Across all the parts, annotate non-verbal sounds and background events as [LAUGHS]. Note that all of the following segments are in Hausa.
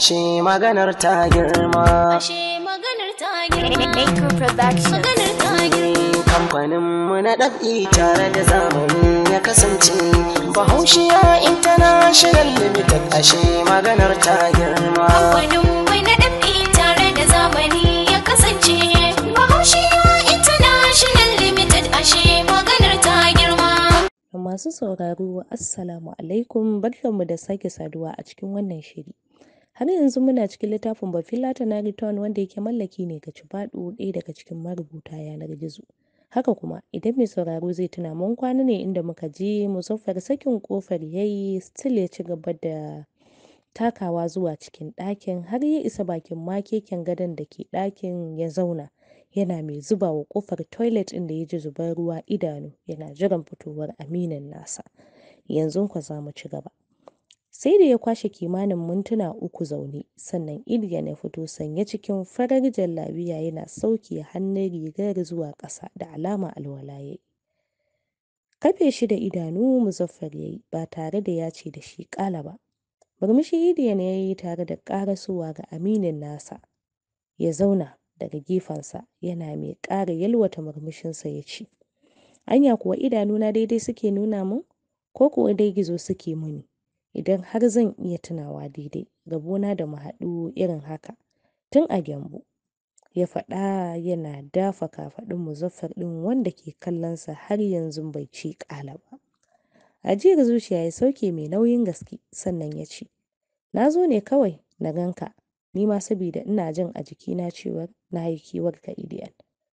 [LAUGHS] ashe maganar ta girma kamfanin mu na ɗab'i tare da zamani ya kasance bahaushiya international limited ashe maganar ta girma ya international limited ashe maganar ta girma masu sauraro assalamu alaikum barkanmu da sake saduwa a cikin wannan shiri Har yanzu muna cikin littafin na Return wanda yake mallaki ne ga Cibaɗo ɗaya daga cikin marubuta yanar gizo. Haka kuma idan mai sauraro zai tuna mun kwana ne inda muka ji musaffar sakin kofar yayi still ya ci gaba da takawa zuwa cikin ɗakin har ya isa bakin makeken gadon da ke ɗakin ya zauna yana mai zuba wa kofar toilet inda ya ji zubar ruwa idanu yana jiran fitowar aminin nasa. Yanzu kwa za mu ci gaba. Sai da ya kwashe kimanin mintuna uku zaune, sannan Ilyan ya fito sanye cikin farar jallabiya yana sauke hannun rigar zuwa ƙasa da alama alwala ya yi. Kafe shi da idanu Muzaffar ya yi ba tare da ya ce da shi ƙala ba. Murmushi Ilyan ya yi tare da ƙarasowa ga aminin nasa. Ya zauna daga gefensa yana mai ƙara yalwata murmushinsa ya ce, Anya kuwa idanuna daidai suke nuna mun ko kuwa dai gizo suke muni? idan har zan iya tunawa daidai rabona da mu haɗu irin haka tun a gyambu ya faɗa yana dafa kafaɗun muzaffar ɗin wanda ke kallonsa har yanzu bai ci ƙala ba ajiyar zuciya ya sauke mai nauyin gaske sannan ya ce na zo ne kawai na ganka ni ma saboda ina jin a jikina cewa na yi ka idiyan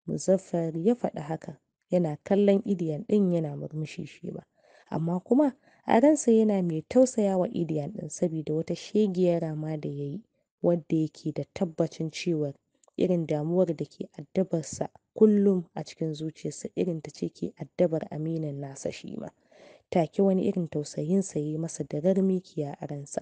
muzaffar ya faɗi haka yana kallon idiyan ɗin yana murmushi shi ba amma kuma A ransa yana mai tausaya wa Gideon ɗin saboda wata shegiyar rama da ya yi wadda yake da tabbacin cewar irin damuwar da ke addabarsa kullum a cikin zuciyarsa irin ta ce ke addabar aminin nasa shi ma. Take wani irin tausayinsa ya yi masa darar mikiya a ransa.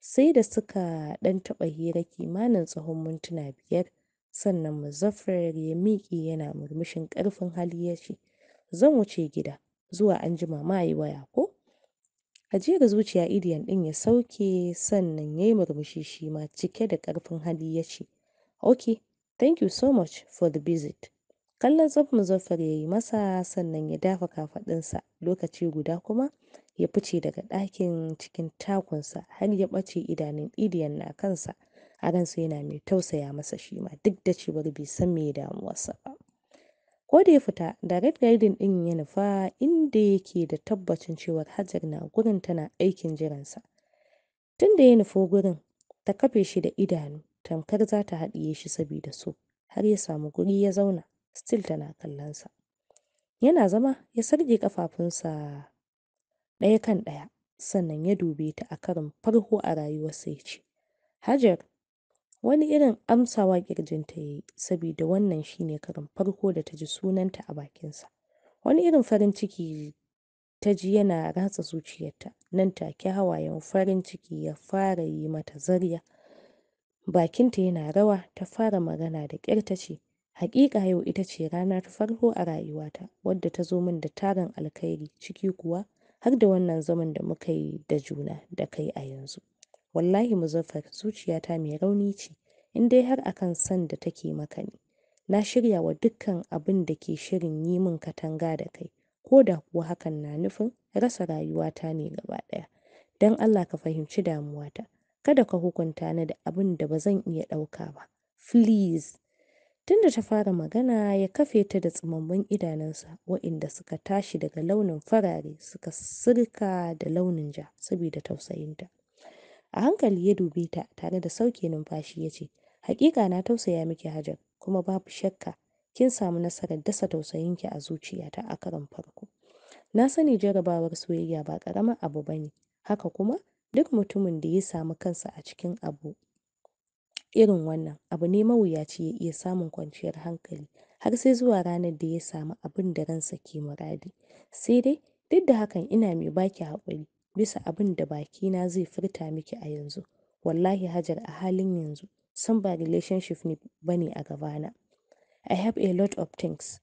Sai da suka ɗan taɓa hira kimanin tsawon mintuna biyar sannan Muzaffar ya miƙe yana murmushin ƙarfin hali ya ce, Zan wuce gida, zuwa anjima ma yi waya ko? Ajiyar zuciya idiyan ɗin ya sauke sannan ya yi murmushi shi cike da karfin hali ya ce, OK, thank you so much for the visit. Kallon Tsaf Muzaffar ya yi masa sannan ya dafa sa lokaci guda kuma ya fice daga ɗakin cikin takunsa har ya ɓace idanun idiyan na kansa a ransa yana mai tausaya masa shima duk da cewar bai san me damuwarsa ba. Ko da ya fita, Direct Riding ɗin ya nufa inda yake da tabbacin cewa Hajar na gurin tana aikin jiransa. Tun da ya nufo gurin, ta kafe shi da idanu, tamkar za ta haɗiye shi sabida so, har ya samu guri ya zauna, still tana kallonsa. Yana zama, ya sarƙe ƙafafunsa ɗaya kan ɗaya, sannan ya dube ta a karin farko a rayuwarsa ya ce, Hajar, Wani irin amsawa ƙirjinta ya yi, sabida wannan shi ne karon farko da ta ji sunanta a bakinsa. Wani irin farin ciki ta ji yana ratsa zuciyarta, nan take hawayen farin ciki ya fara yi mata zarya. Bakinta yana rawa, ta fara magana da ƙyar ce, "Haƙiƙa yau ita ce rana ta farko a rayuwata wadda ta zo min da tarin alkhairi, ciki kuwa har da wannan zaman da muka yi da juna da kai a yanzu." Wallahi Muzaffar zuciyata mai rauni ce, in dai har akan san da take maka ne. Na shirya wa dukkan abin da ke shirin yi min katanga da kai, ko da kuwa hakan na nufin rasa rayuwata ne gaba ɗaya. Don Allah ka fahimci damuwata, kada ka hukunta ni da abin da ba zan iya ɗauka ba. Please! Tunda ta fara magana ya kafe ta da tsumammun idanunsa waɗanda suka tashi daga launin farare suka sirka da launin ja saboda tausayinta. A hankali ya dube ta tare da sauke numfashi ya ce, Hakika na tausaya miki Hajar, kuma babu shakka kin samu nasarar dasa tausayin ki a zuciyata a karon farko. Na sani jarabawar soyayya ba ƙaramin abu ba ne, haka kuma duk mutumin da ya samu kansa a cikin abu irin wannan abu ne mawuyaci ya iya samun kwanciyar hankali har sai zuwa ranar da ya samu abin da ransa ke muradi. Sai dai duk da hakan ina mai baki haƙuri bisa abin da bakina zai furta miki a yanzu. Wallahi Hajar a halin yanzu sam ba relationship ne bane a gabana. I have a lot of things.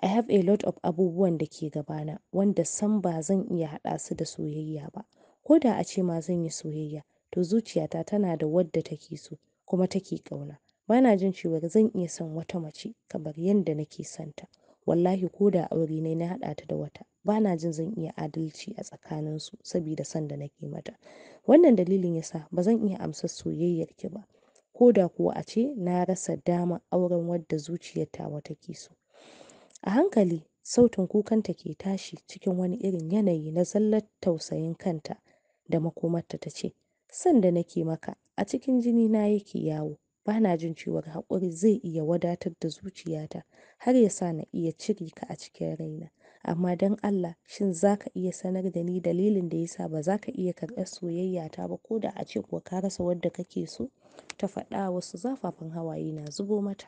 I have a lot of abubuwan da ke gabana wanda sam ba zan iya haɗa su da soyayya ba. Ko da a ce ma zan yi soyayya, to zuciyata tana da wadda take so kuma take ƙauna. Bana jin cewar zan iya son wata mace kamar yadda nake son ta. wallahi ko da aure ne na haɗa ta da wata ba na jin zan iya adalci a tsakaninsu sabida son da nake mata wannan dalilin yasa ba zan iya amsa soyayyar ki ba ko da kuwa a ce na rasa damar auren wadda zuciyar wata take so a hankali sautin kukanta ke tashi cikin wani irin yanayi na zallar tausayin kanta da makomarta ta ce son da nake maka a cikin jini na yake yawo bana jin cewar haƙuri zai iya wadatar da zuciyata har ya sa na iya cire ka a cikin raina. Amma don Allah shin za ka iya sanar da ni dalilin da yasa sa ba za ka iya karɓar soyayyata ba ko da a ce kuwa ka rasa wadda kake so? Ta faɗa wasu zafafan hawaye na zubo mata.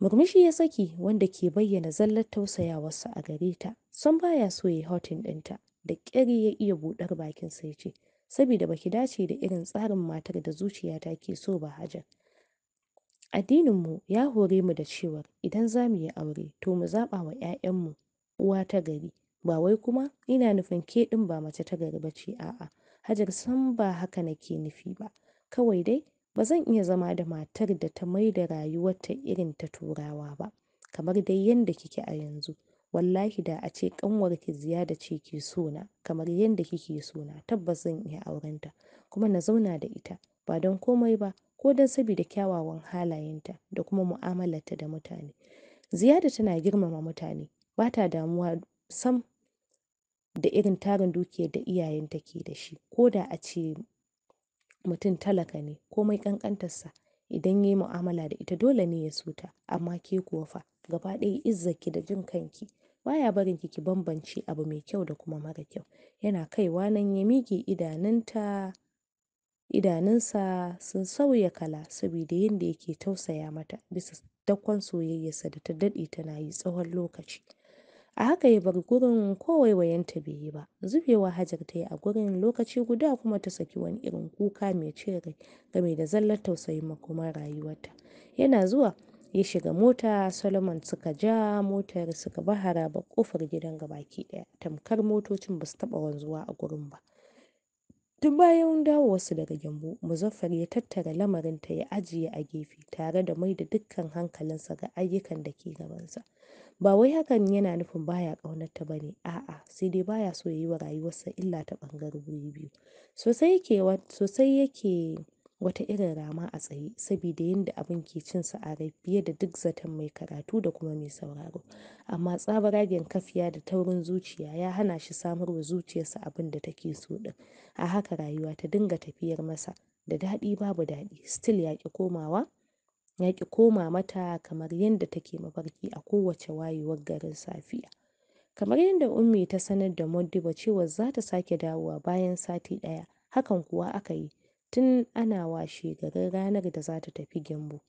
Murmushi ya saki wanda ke bayyana zallar tausayawarsa a gare ta. Sam baya so ya ɗinta. Da ƙyar ya iya buɗar bakin ya ce saboda ba ki dace da irin tsarin matar da zuciyata ke so ba Hajar. Addininmu ya hore mu da cewar idan za mu yi aure to mu zaɓa wa 'ya'yanmu uwa ta gari ba wai kuma ina nufin ke ɗin ba mace ta gari ba ce a'a Hajar sam ba haka nake nufi ba kawai dai ba zan iya zama da matar da ta mai da rayuwarta irin ta Turawa ba kamar dai yadda kike a yanzu Wallahi da a ace ƙanwarki Ziyada ce ke so na kamar yadda kike so na tabbas zan iya aurenta kuma na zauna da ita ba don komai ba ko don sabida kyawawan halayenta da kuma mu'amalarta da mutane. Ziyada tana girmama mutane, ba ta damuwa sam da irin tarin dukiyar da iyayenta ke da shi ko da a ce mutum talaka ne komai ƙanƙantarsa idan ya yi mu'amala da ita dole ne ya so ta amma ke kuwa fa gaba ɗaya izzarki da jin kanki baya barin ki ki bambance abu mai kyau da kuma mara kyau yana kaiwa nan ya miƙe idanunta idanunsa sun sauya kala saboda yadda yake tausaya mata bisa dakon soyayyarsa da ta daɗe tana yi tsawon lokaci a haka ya bar gurin ko waiwayenta bai yi ba zubewa hajar ta yi a gurin lokaci guda kuma ta saki wani irin kuka mai cire game da zallar tausayin makoman rayuwarta yana zuwa ya shiga mota solomon suka ja motar suka bi haraba kofar gidan gabaki daya tamkar motocin ba su taba wanzuwa a gurin ba tun bayan su daga gyambu muzaffar ya tattara lamarinta ya ajiye a gefe tare da mai da dukkan hankalinsa ga ayyukan da ke gabansa ba wai hakan yana nufin baya ƙaunarta ba ne a'a sai dai baya so ya yi wa rayuwarsa illa ta ɓangarori biyu sosai yake wata irin rama a tsaye saboda yanda abun ke cin rai fiye da duk zaton mai karatu da kuma mai sauraro. Amma tsabaragen kafiya da taurin zuciya ya hana shi samarwa zuciyarsa abin da take so ɗin. A haka rayuwa ta dinga tafiyar masa da daɗi babu daɗi. Still ya ƙi komawa, ya ƙi koma mata kamar yadda take mafarki a kowace wayewar garin safiya. Kamar yadda Ummi ta sanar da modiba cewa za ta sake dawowa bayan sati ɗaya, hakan kuwa aka yi. tun ana washe garin ranar da za ta tafi Gembu,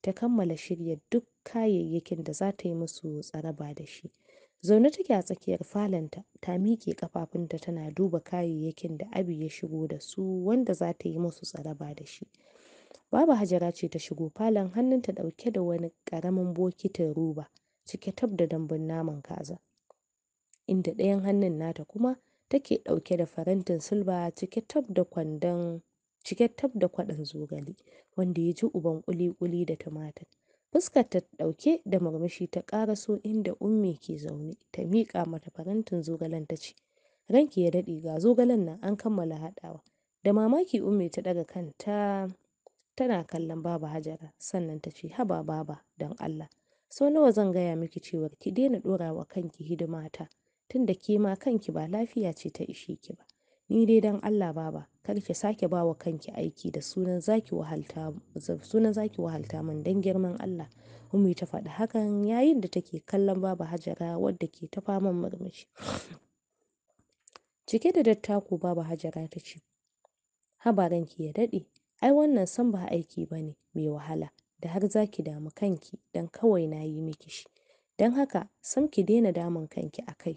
ta kammala shirya duk kayayyakin da za ta yi musu tsaraba da shi. Zaune take a tsakiyar falonta, ta miƙe ƙafafunta tana duba kayayyakin da Abi ya shigo da su wanda za ta yi musu tsaraba da shi. babu Hajara ce ta shigo falon hannunta ɗauke da wani ƙaramin bokitin roba cike tab da dambun naman kaza, inda ɗayan hannun nata kuma take ɗauke da farantin silba cike tab da kwandon cike tab da kwaɗon zogale wanda ya ji uban ƙuli-ƙuli da tumatir. Fuskar ta ɗauke da murmushi ta ƙaraso inda ummi ke zaune ta miƙa mata farantin zogalen ta ce, Ranki ya daɗe ga zogalen nan an kammala haɗawa. Da mamaki ummi ta ɗaga kanta tana kallon Baba Hajara sannan ta ce, Haba Baba don Allah. Sau nawa zan gaya miki cewar ki daina ɗora wa kanki hidimata tunda ke ma kanki ba lafiya ce ta ishe ki ba. Ni dai don Allah baba kar ki sake bawa kanki aiki da sunan zaki wahalta sunan zaki wahalta min don girman Allah. Ummi ta faɗi hakan yayin da take kallon Baba Hajara wadda ke ta faman murmushi. Cike da dattako Baba Hajara ta ce, Haba ranki ya dade ai wannan san ba aiki bane mai wahala da har zaki damu kanki dan kawai nayi miki shi. dan haka sam ki daina damun kanki a kai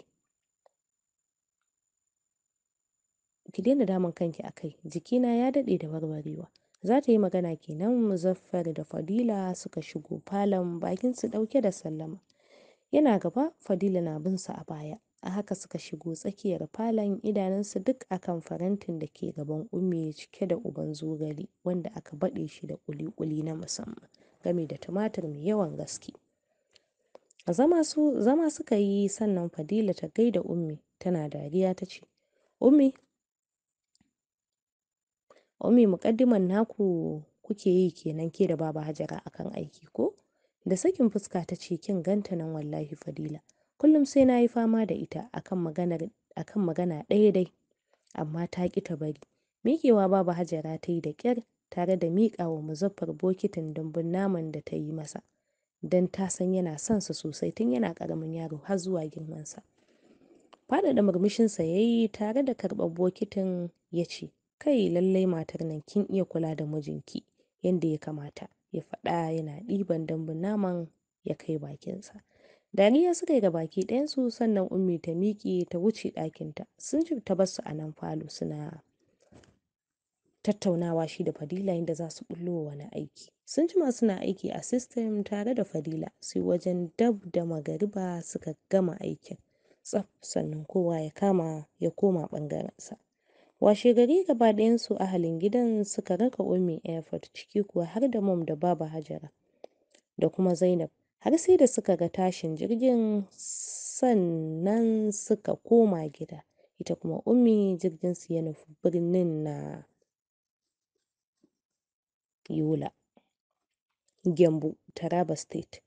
ki daina damun kanki akai jikina ya daɗe da warwarewa za ta yi magana kenan muzaffar da fadila suka shigo falon bakin su ɗauke da sallama yana gaba fadila na bin su a baya a haka suka shigo tsakiyar falon idanunsu duk akan farantin da ke gaban ummi cike da uban zogale wanda aka baɗe shi da kuli-kuli na musamman game da tumatir mai yawan gaske zama su zama suka yi sannan fadila ta gaida ummi tana dariya ta ce ummi Ummi muƙaddiman naku kuke yi kenan ke da Baba Hajara akan aiki ko? Da sakin fuska ta ce kin ganta nan wallahi Fadila. Kullum sai na yi fama da ita akan maganar akan magana ɗaya dai amma ta ƙi ta bari. Miƙewa Baba Hajara ta yi da ƙyar tare da miƙa wa Muzaffar bokitin dambun naman da ta yi masa don ta san yana son sa sosai tun yana ƙaramin yaro har zuwa girmansa. Faɗaɗa murmushinsa ya yi tare da karɓar bokitin ya ce Kai lallai matar nan kin iya kula da mijinki yanda ya kamata, ya faɗa yana ɗiban dambun naman ya kai bakinsa. Dariya suka yi ga baki ɗayansu sannan Ummi ta miƙe ta wuce ɗakinta. Sun ji ta barsu a nan falo suna tattaunawa shi da Fadila yanda za su ɓullo wani aiki. Sun jima suna aiki a system tare da Fadila sai wajen dab da magariba suka gama aikin tsaf sannan kowa ya kama ya koma ɓangarensa. Washe gari gaba ɗayansu ahalin gidan suka raka Ummi airport ciki kuwa har da Mom da Baba Hajara da kuma Zainab har sai da suka ga tashin jirgin sannan suka koma gida ita kuma Ummi jirginsu ya nufi birnin na Yola Gembu Taraba State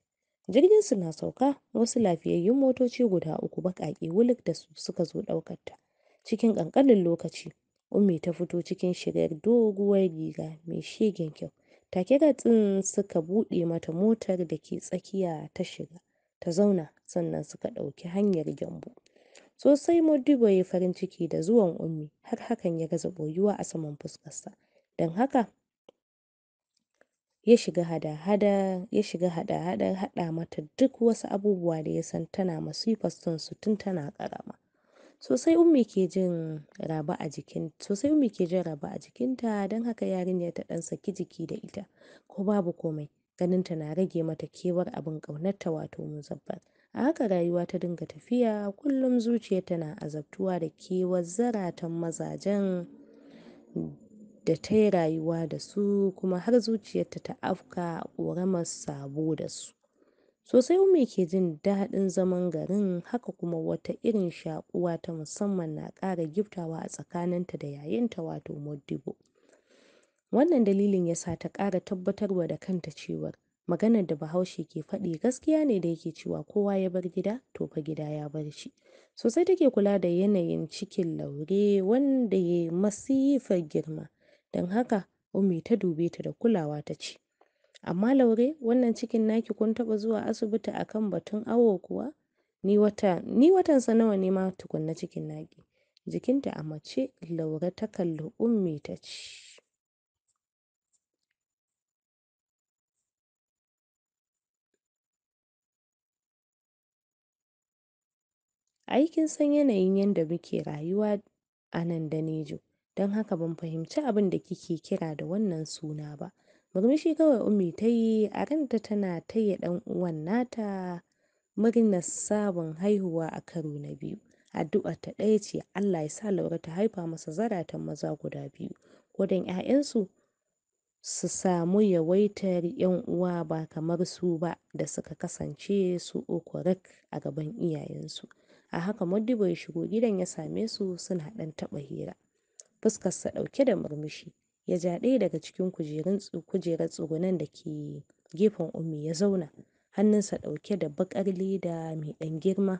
jirginsu na sauka wasu lafiyayyun motoci guda uku baƙaƙe wulik da su suka zo ɗaukar ta cikin ƙanƙanin lokaci Ummi ta fito cikin shigar doguwar riga mai shegen kyau. Take da tsin suka buɗe mata motar da ke tsakiya ta shiga, ta zauna sannan suka ɗauki hanyar gyambo Sosai Modibo ya farin ciki da zuwan Ummi har hakan ya gaza boyuwa a saman fuskarsa. Don haka ya shiga hada-hada ya shiga hada-hadar haɗa mata duk wasu abubuwa da ya san tana masifar son su tun tana ƙarama. Sosai Ummi ke jin raba a jikin, sosai Ummi ke jin raba a jikinta don haka yarinyar ta ɗan saki jiki da ita ko babu komai. ganin ta na rage mata kewar abin ƙaunarta wato Muzaffar. A haka rayuwa ta dinga tafiya kullum zuciyarta na azabtuwa da kewar zaratan mazajen da ta yi rayuwa da su kuma har zuciyarta ta afka ƙoramar sabo da su. Sosai Ummi ke jin daɗin zaman garin haka kuma wata irin shaƙuwa ta musamman na ƙara giftawa a tsakaninta da yayinta wato Modibo. Wannan dalilin ya sa ta ƙara tabbatarwa da kanta cewa maganar da Bahaushe ke faɗi gaskiya ne da yake cewa kowa ya bar gida to fa gida ya bar shi. Sosai take kula da yanayin cikin Laure wanda ya yi masifar girma, don haka Ummi ta dube ta da kulawa ta ce Amma Laure wannan cikin naki kun taɓa zuwa asibiti akan batun awo kuwa? Ni wata, ni watansa nawa ne ma tukunna cikin naki? Jikinta a mace Laure ta kalli Ummi ta ci. aikin san yanayin yadda muke rayuwa a nan Danejo, don haka ban fahimci abin da kike kira da wannan suna ba. Murmushi kawai Ummi ta yi a ranta tana taya ɗan uwan nata murnar sabon haihuwa a karo na biyu. addu'a ta ɗaya ce Allah ya sa Laure ta haifa masa zaratan maza guda biyu, ko 'ya'yansu su samu yawaitar 'yan uwa ba kamar su ba da suka kasance su uku rak a gaban iyayensu. A haka Modibbo ya shigo gidan ya same su suna ɗan taɓa hira, fuskarsa ɗauke da murmushi. ya ja ɗaya daga cikin kujerun kujerar tsugunan da ke gefen Ummi ya zauna, hannunsa ɗauke da baƙar leda mai ɗan girma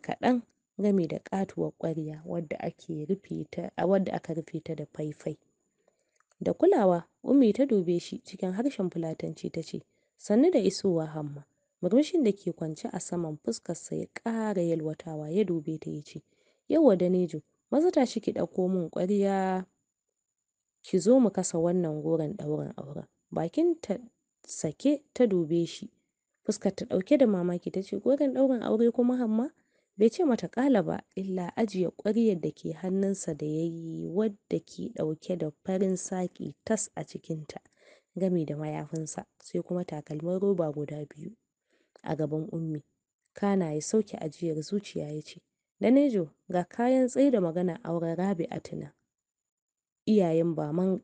kaɗan gami da ƙatuwar ƙwarya wadda ake rufe ta wadda aka rufe ta da faifai. Da kulawa Ummi ta dube shi cikin harshen Fulatanci ta ce, Sannu da isowa Hamma. Murmushin da ke kwance a saman fuskarsa ya ƙara yalwatawa ya dube ta ya ce, Yauwa Danejo, maza tashi ki ɗauko min ƙwarya ki zo mu kasa wannan goron ɗaurin auren. bakin ta sake ta dube shi, fuskar ta ɗauke da mamaki ta ce goron ɗaurin aure kuma Hamma? Bai ce mata ƙala ba illa ajiye ƙwaryar da ke hannunsa da ya yi wadda ke ɗauke da farin saƙi tas a cikinta gami da mayafinsa sai kuma takalmin roba guda biyu a gaban ummi. Kana ya sauke ajiyar zuciya ya ce, Danejo ga kayan tsaida maganar auren Rabi'atu nan. iyayen baman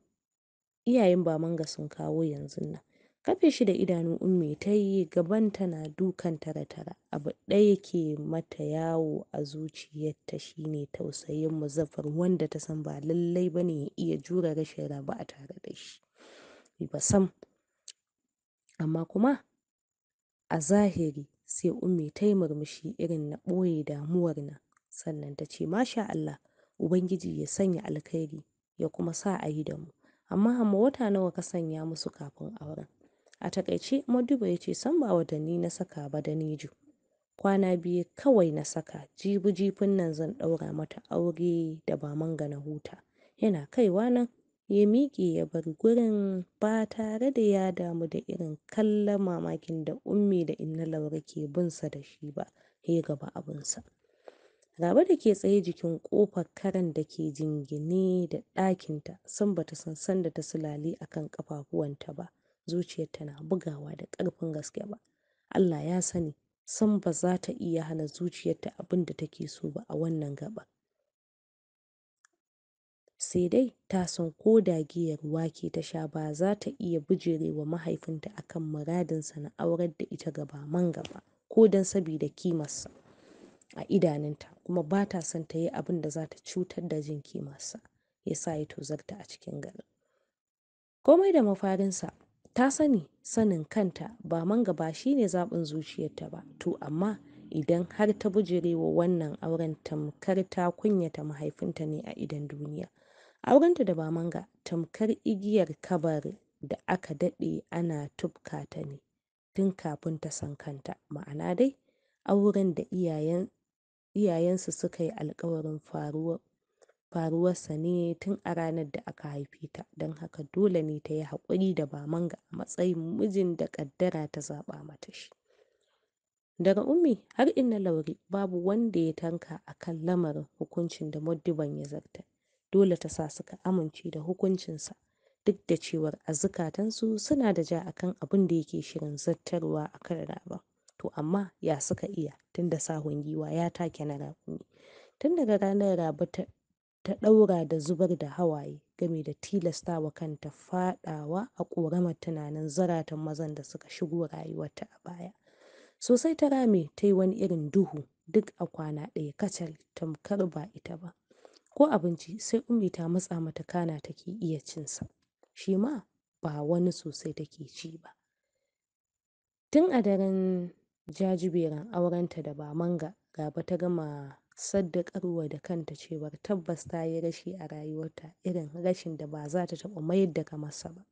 iyayen bamanga sun kawo yanzu nan kafe shida da idanu ummi ta yi gaban tana dukan tara-tara abu ɗaya ke mata yawo a zuciyarta shine tausayin muzaffar wanda ta san ba lallai ba ne ya iya jure rashin raba a tare da shi ba sam amma kuma a zahiri sai ummi ta yi murmushi irin na ɓoye damuwar nan sannan ta ce masha Allah ubangiji ya sanya alkhairi ya kuma sa a yi da mu. Amma Hamma wata nawa ka sanya musu kafin auren? A takaice Maduba ya ce san ba watanni na saka ba da niju Kwana biyu kawai na saka jibi jifin nan zan ɗaura mata aure da ba manga na huta. Yana kaiwa nan ya miƙe ya bar gurin ba tare da ya damu da irin kallon mamakin da ummi da inna lauri ke binsa da shi ba, ya gaba abinsa. Rabe da ke tsaye jikin kofar karen da ke jingine da ɗakinta sam ba ta san sanda ta sulale a kan ƙafafuwanta ba, zuciyarta na bugawa da ƙarfin gaske ba. Allah ya sani, san ba za ta iya hana zuciyarta abin da take so ba a wannan gaba. Sai dai ta san ko da giyar wake ta sha ba za ta iya bijirewa mahaifinta akan muradinsa na aurar da ita gaba man gaba ko don sabida kimarsa. a idanunta kuma ba ta son ta yi abin da za ta cutar da jin kimarsa ya sa ya tozarta a cikin garin komai da mafarinsa ta sani sanin kanta ba manga ba shi ne zaɓin zuciyarta ba to amma idan har ta bujirewa wannan auren tamkar ta kunyata mahaifinta ne a idan duniya aurenta da ba manga tamkar igiyar kabar da aka daɗe ana tufka ta ne tun kafin ta san kanta ma'ana dai auren da iyayen iyayensu suka yi alkawarin faruwarsa ne tun a ranar da aka haife ta don haka dole ne ta yi haƙuri da manga a matsayin mijin da ƙaddara ta zaɓa mata shi. Daga Ummi har Inna lauri babu wanda ya tanka a kan lamarin hukuncin da Modibon ya zarta dole ta sa suka amince da hukuncinsa duk da cewar a zukatansu suna da ja a kan abin da yake shirin zartarwa a kan raba. To amma ya suka iya tun da sahun giwa ya take na raƙumi. Tun daga ranar rabu ta, ɗaura da zubar da hawaye game da tilasta wa kanta faɗawa a ƙorama tunanin zaratan mazan da suka shigo rayuwarta a baya. Sosai ta rame ta yi wani irin duhu duk a kwana ɗaya kacal tamkar ba ita ba. Ko abinci sai Ummi ta matsa mata kana take iya cinsa. Shi ma ba wani sosai take ci ba. Tun a daren jajiberin aurenta da ba manga, Gaba ta gama sadaukarwa da kanta cewa tabbas ta yi rashi a rayuwarta irin rashin da ba za ta taɓa mayar da kamarsa ba.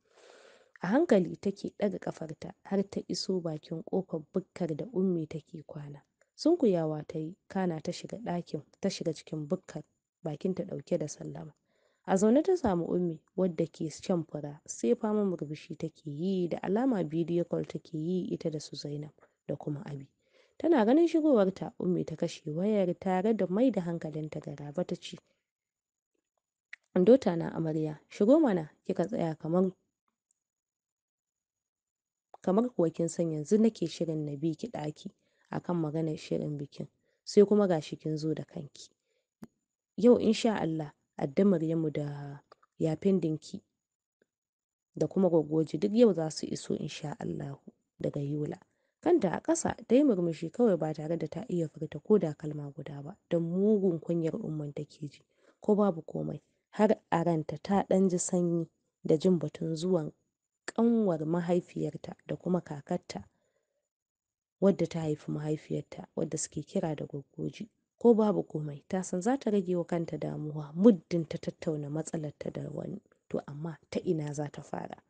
A hankali take ɗaga ƙafarta har ta iso bakin ƙofar bukkar da Ummi take kwana. Sunkuyawa ta yi kana ta shiga ɗakin ta shiga cikin bukkar bakin ta ɗauke da sallama. A zaune ta samu Ummi wadda ke shan fura sai faman murmushi take yi da alama bidiyo kol take yi ita da su Zainab. da kuma abi tana ganin shigowarta ummi ta kashe wayar tare da mai da hankalinta ga raba ta ce dota na amarya shigo mana kika tsaya kamar kamar kuwa kin san yanzu nake shirin na bi ki ɗaki akan maganar shirin bikin sai kuma gashi kin zo da kanki yau insha Allah addamar yamu da yafin dinki da kuma goggoji duk yau za su iso insha allahu daga Yola kanta a ƙasa ta yi murmushi kawai ba tare da ta iya furta ko da kalma guda ba don mugun kunyar umman take ji ko babu komai har a ranta ta ɗan ji sanyi da jin batun zuwan ƙanwar mahaifiyarta da kuma kakarta wadda ta haifi mahaifiyarta wadda suke kira da goggoji ko babu komai ta san za ta rage wa kanta damuwa muddin ta tattauna matsalarta da wani to amma ta ina za ta fara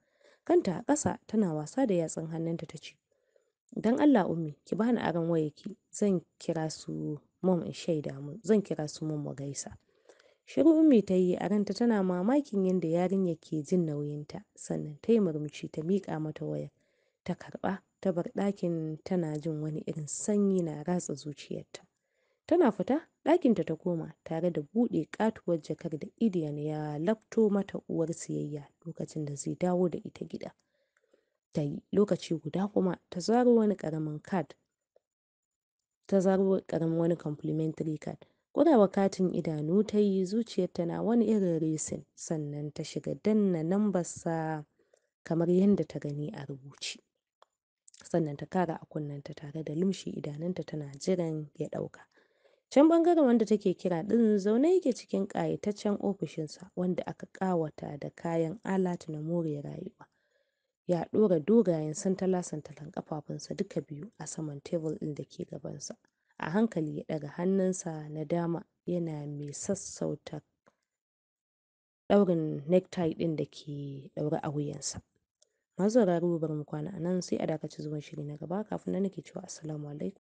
kanta a ƙasa tana wasa da yatsun hannunta ta ce Don Allah Ummi ki bani aron ki zan kira su mom in shaida mu zan kira su mun mu gaisa. Shiru Ummi ta yi a ranta tana mamakin yadda yarinyar ke jin nauyinta sannan ta yi murmushi ta miƙa mata waya ta karɓa ta bar ɗakin tana jin wani irin sanyi na ratsa zuciyarta. Tana fita ɗakinta ta koma tare da buɗe katuwar jakar da Idiyan ya labto mata uwar siyayya lokacin da zai dawo da ita gida. ta lokaci guda kuma ta zaro wani karamin card ta zaro karamin wani complimentary card ƙurawa katin idanu tayi yi zuciyarta na wani irin resin sannan ta shiga danna lambarsa kamar yadda ta gani a rubuce sannan ta kara a ta tare da lumshi idanunta tana jiran ya dauka can ɓangaren wanda take kira din zaune yake cikin ƙayataccen ofishinsa wanda aka ƙawata da kayan alatu na more rayuwa ya ɗora dogayen santala-santalan ƙafafunsa duka biyu a saman tebur ɗin da ke gabansa. A hankali ya ɗaga hannunsa na dama yana mai sassauta ɗaurin necktie ɗin da ke ɗaure a wuyansa. Masu sauraro bari mu kwana a nan sai a dakaci zuwan shiri na gaba kafin nan nake cewa assalamu alaikum.